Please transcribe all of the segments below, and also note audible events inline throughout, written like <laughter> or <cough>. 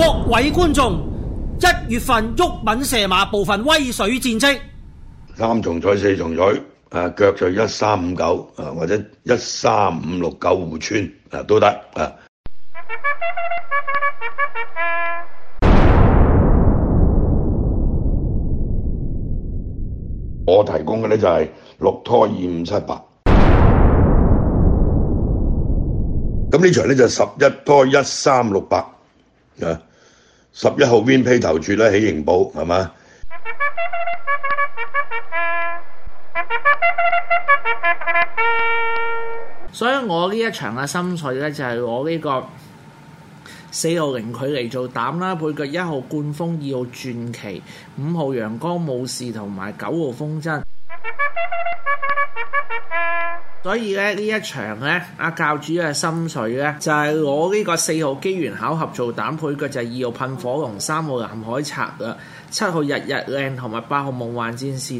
各位觀眾，一月份郁敏射馬部分威水戰績，三重彩四重彩，誒、啊，腳就一三五九，誒、啊，或者一三五六九互村，啊，都得啊。 <noise> 我提供嘅呢就係、是、六拖二五七八，咁呢 <noise> 場呢就十一拖一三六八啊。十一號 wind 批頭柱啦，喜迎寶係嘛，所以我呢一場嘅心水咧就係我呢個四號零距離做膽啦，配腳一號冠風、二號傳奇、五號陽光武士同埋九號風箏。所以咧呢一場咧，阿教主嘅心水咧就係我呢個四號機緣巧合做膽配嘅就係二號噴火龍、三號藍海賊啦，七號日日靚同埋八號夢幻戰士。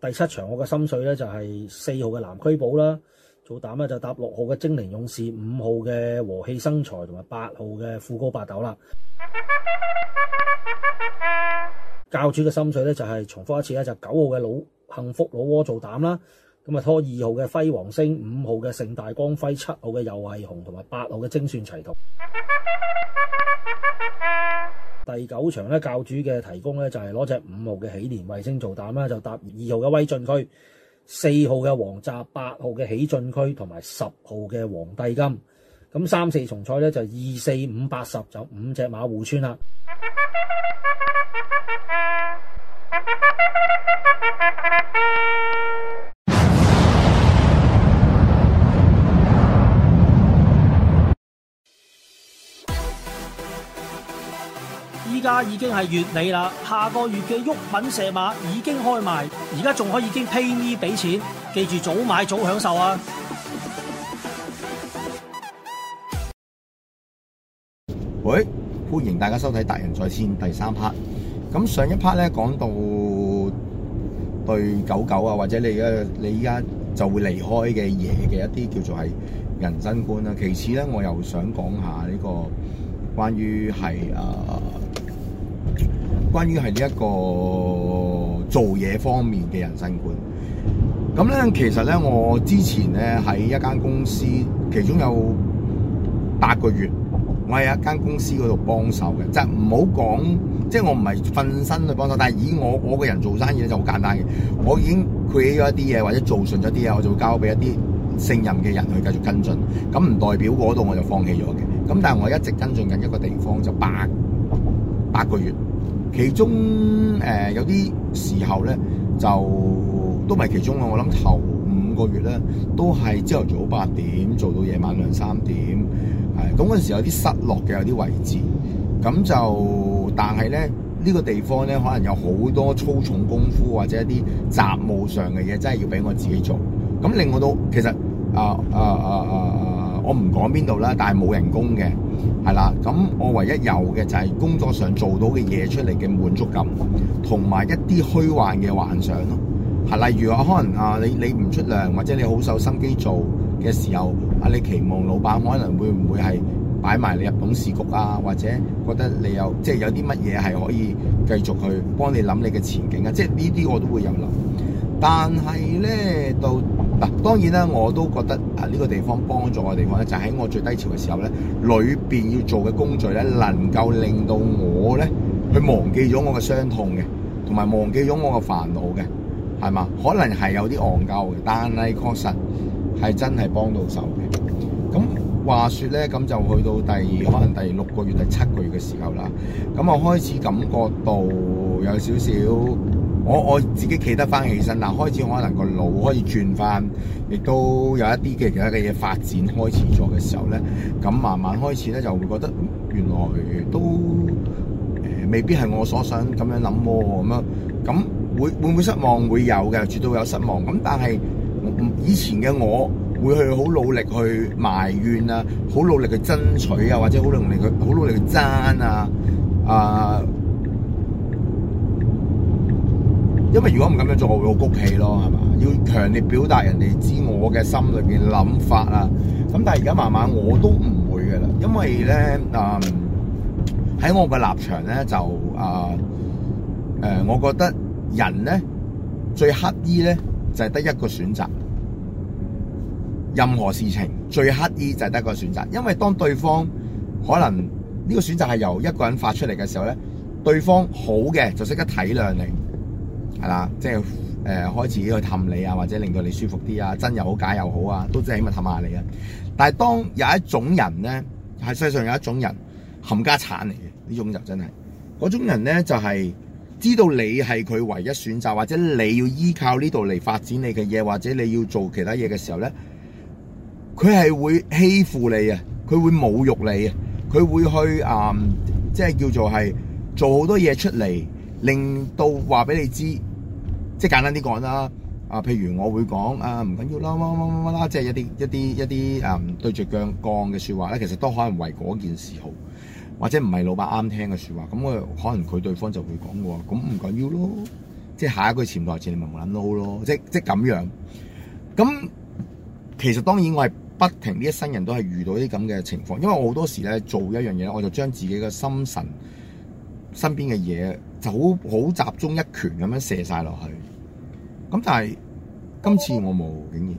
第七場我嘅心水咧就係四號嘅藍區寶啦，做膽咧就搭六號嘅精靈勇士、五號嘅和氣生財同埋八號嘅富高八斗啦。 <laughs> 教主嘅心水咧就係重複一次咧就九號嘅老。幸福老窩做膽啦，咁啊拖二號嘅輝煌星，五號嘅盛大光輝，七號嘅右係紅，同埋八號嘅精選齊同。 <noise> 第九場咧，教主嘅提供咧就係攞隻五號嘅喜蓮衛星做膽啦，就搭二號嘅威進區，四號嘅黃澤，八號嘅喜進區，同埋十號嘅皇帝金。咁三四重賽咧就二四五八十，就五隻馬互村啦。已經係月尾啦，下個月嘅玉品射馬已經開賣，而家仲可以經 pay me 俾錢，記住早買早享受啊！喂，歡迎大家收睇達仁在線第三 part。咁上一 part 咧講到對狗狗啊，或者你而家你依家就會離開嘅嘢嘅，一啲叫做係人生觀啊。其次咧，我又想講下呢個關於係誒。關於係呢一個做嘢方面嘅人生觀，咁咧其實咧，我之前咧喺一間公司，其中有八個月，我喺一間公司嗰度幫手嘅，就唔好講，即係我唔係瞓身去幫手。但係以我我個人做生意就好簡單嘅，我已經 create 咗一啲嘢，或者做順咗啲嘢，我就會交俾一啲信任嘅人去繼續跟進。咁唔代表嗰度我就放棄咗嘅。咁但係我一直跟進緊一個地方，就八八個月。其中誒、呃、有啲時候咧，就都唔係其中啊！我諗頭五個月咧，都係朝頭早八點做到夜晚兩三點，係咁，嗰陣時有啲失落嘅有啲位置，咁就但係咧呢、呢個地方咧，可能有好多粗重功夫或者一啲雜務上嘅嘢，真係要俾我自己做。咁令我到其實啊啊啊啊！啊啊啊啊我唔講邊度啦，但係冇人工嘅，係啦。咁我唯一有嘅就係工作上做到嘅嘢出嚟嘅滿足感，同埋一啲虛幻嘅幻想咯。係例如話，可能啊，你你唔出糧或者你好受心機做嘅時候，啊，你期望老闆可能會唔會係擺埋你入董事局啊，或者覺得你有即係有啲乜嘢係可以繼續去幫你諗你嘅前景啊。即係呢啲我都會有諗，但係呢到。當然啦，我都覺得啊呢個地方幫助我嘅地方咧，就喺我最低潮嘅時候咧，裏邊要做嘅工序咧，能夠令到我咧去忘記咗我嘅傷痛嘅，同埋忘記咗我嘅煩惱嘅，係嘛？可能係有啲戇鳩嘅，但係確實係真係幫到手嘅。咁話説咧，咁就去到第可能第六個月、第七個月嘅時候啦，咁我開始感覺到有少少。我我自己企得翻起身，嗱，開始可能個腦開始轉翻，亦都有一啲嘅其他嘅嘢發展開始咗嘅時候咧，咁慢慢開始咧就會覺得原來都誒未必係我所想咁樣諗喎，咁樣咁會會唔會失望？會有嘅，絕對會有失望。咁但係以前嘅我會去好努力去埋怨啊，好努力去爭取啊，或者好努力去好努力去爭啊，啊、呃、～因為如果唔咁樣做，我會好谷氣咯，係嘛？要強烈表達人哋知我嘅心裏邊諗法啊！咁但係而家慢慢我都唔會嘅啦，因為咧啊，喺、呃、我嘅立場咧就啊誒、呃呃，我覺得人咧最乞兒咧就係、是、得一個選擇，任何事情最乞兒就係得一個選擇，因為當對方可能呢個選擇係由一個人發出嚟嘅時候咧，對方好嘅就識得體諒你。係啦，即係誒、呃，開始去氹你啊，或者令到你舒服啲啊，真又好，假又好啊，都即係起碼氹下你啊。但係當有一種人咧，喺世上有一種人，冚家鏟嚟嘅呢種就真係，嗰種人咧就係、是、知道你係佢唯一選擇，或者你要依靠呢度嚟發展你嘅嘢，或者你要做其他嘢嘅時候咧，佢係會欺負你啊，佢會侮辱你啊，佢會去誒、呃，即係叫做係做好多嘢出嚟。令到話俾你知，即係簡單啲講啦。啊，譬如我會講啊，唔緊要啦，乜乜乜啦，即係一啲一啲一啲誒對住腳講嘅説話咧，其實都可能為嗰件事好，或者唔係老闆啱聽嘅説話，咁我可能佢對方就會講喎，咁唔緊要咯。即係下一句潛台詞，你咪冇諗到咯。即即咁樣。咁其實當然我係不停呢一生人都係遇到啲咁嘅情況，因為我好多時咧做一樣嘢我就將自己嘅心神、身邊嘅嘢。就好好集中一拳咁樣射晒落去。咁但係今次我冇，竟然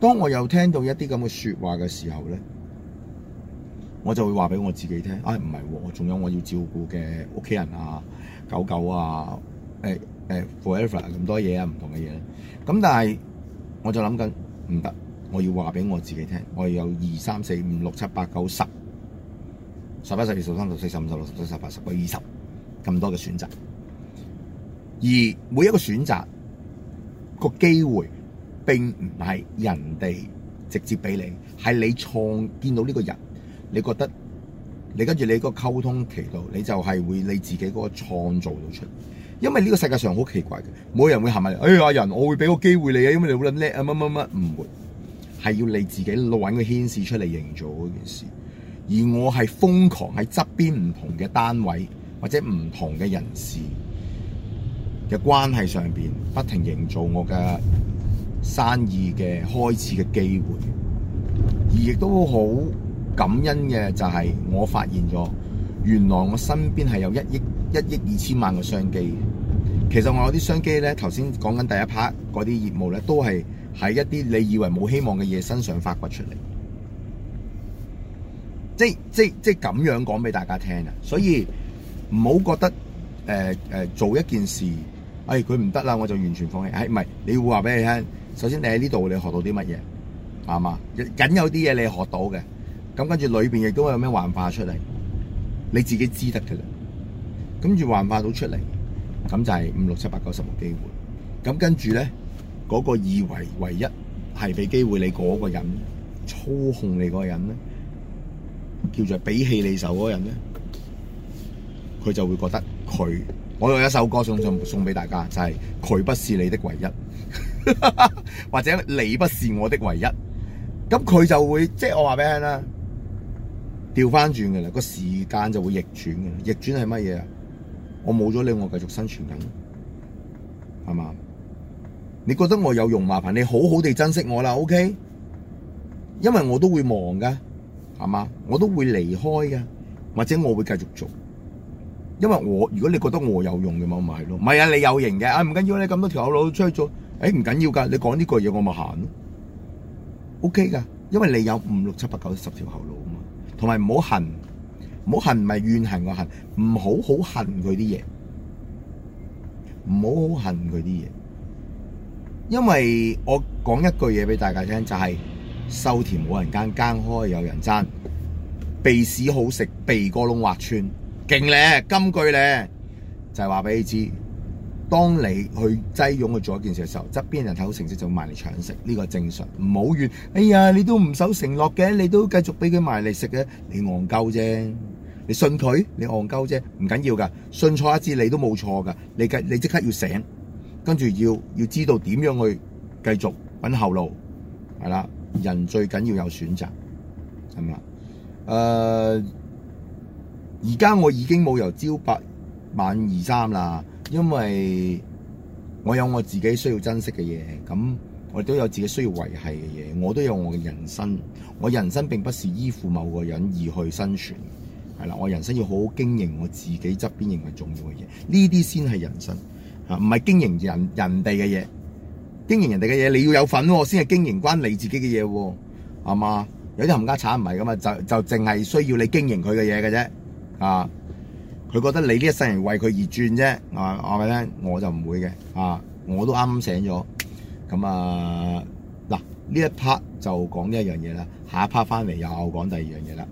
當我又聽到一啲咁嘅説話嘅時候咧，我就會話俾我自己聽，啊、哎，唔係喎，仲有我要照顧嘅屋企人啊、狗狗啊、誒、哎、誒、哎、forever 咁多嘢啊、唔同嘅嘢、啊。咁但係我就諗緊唔得，我要話俾我自己聽，我有二三四五六七八九十、十一十二十三十四十五十六十七十八十個二十。咁多嘅選擇，而每一個選擇個機會並唔係人哋直接俾你，係你創見到呢個人，你覺得你跟住你個溝通渠道，你就係會你自己嗰個創造到出嚟。因為呢個世界上好奇怪嘅，冇人會行埋嚟。哎呀，人，我會俾個機會你嘅，因為你好撚叻啊，乜乜乜唔會係要你自己揾個軒示出嚟營造嗰件事。而我係瘋狂喺側邊唔同嘅單位，或者唔同嘅人士嘅關係上邊，不停營造我嘅生意嘅開始嘅機會，而亦都好感恩嘅就係我發現咗，原來我身邊係有一億一億二千萬嘅商機。其實我有啲商機呢，頭先講緊第一 part 嗰啲業務呢，都係喺一啲你以為冇希望嘅嘢身上發掘出嚟，即係即係咁樣講俾大家聽啊！所以唔好覺得誒誒、呃呃、做一件事，哎佢唔得啦，我就完全放棄。誒，唔係，你會話俾你聽，首先你喺呢度你學到啲乜嘢，係嘛？僅有啲嘢你學到嘅，咁跟住裏邊亦都有咩幻化出嚟，你自己知得㗎喇。跟住幻化到出嚟，咁就係五六七八九十個機會。咁跟住咧，嗰、那個以為唯一係俾機會你嗰個人操控你嗰個人咧，叫做俾氣你受嗰個人咧。佢就會覺得佢，我有一首歌送送送俾大家，就係、是、佢不是你的唯一， <laughs> 或者你不是我的唯一。咁佢就會即係我話俾你聽啦，調翻轉嘅啦，個時間就會逆轉嘅。逆轉係乜嘢啊？我冇咗你，我繼續生存緊，係嘛？你覺得我有用麻煩，你好好地珍惜我啦，OK？因為我都會忙噶，係嘛？我都會離開㗎，或者我會繼續做。因為我如果你覺得我有用嘅嘛，我咪係咯，唔係啊，你有型嘅啊，唔緊要啊，你咁多條後路出去做，誒唔緊要噶，你講呢句嘢我咪行咯，OK 噶，因為你有五六七八九十條後路啊嘛，同埋唔好恨，唔好恨唔係怨恨嘅恨，唔好好恨佢啲嘢，唔好好恨佢啲嘢，因為我講一句嘢俾大家聽，就係瘦田冇人耕，耕開有人爭，鼻屎好食，鼻哥窿挖穿。勁咧，金句咧，就係話俾你知，當你去擠擁去做一件事嘅時候，側邊人睇好成績就會埋嚟搶食，呢個正常。唔好怨，哎呀，你都唔守承諾嘅，你都繼續俾佢埋嚟食嘅，你戇鳩啫。你信佢，你戇鳩啫，唔緊要噶。信錯一次你都冇錯噶，你繼你即刻要醒，跟住要要知道點樣去繼續揾後路，係啦，人最緊要有選擇，係咪啊？誒。呃而家我已經冇由朝八晚二三啦，因為我有我自己需要珍惜嘅嘢，咁我都有自己需要維繫嘅嘢。我都有我嘅人生，我人生並不是依附某個人而去生存，係啦，我人生要好好經營我自己側邊認為重要嘅嘢，呢啲先係人生嚇，唔係經營人人哋嘅嘢。經營人哋嘅嘢你要有份先、啊、係經營關你自己嘅嘢、啊，係嘛？有啲冚家鏟唔係咁啊，就就淨係需要你經營佢嘅嘢嘅啫。啊！佢覺得你呢一生人為佢而轉啫、啊啊，我我咧我就唔會嘅。啊！我都啱啱醒咗，咁啊嗱呢、啊、一 part 就講呢一樣嘢啦，下一 part 翻嚟又講第二樣嘢啦。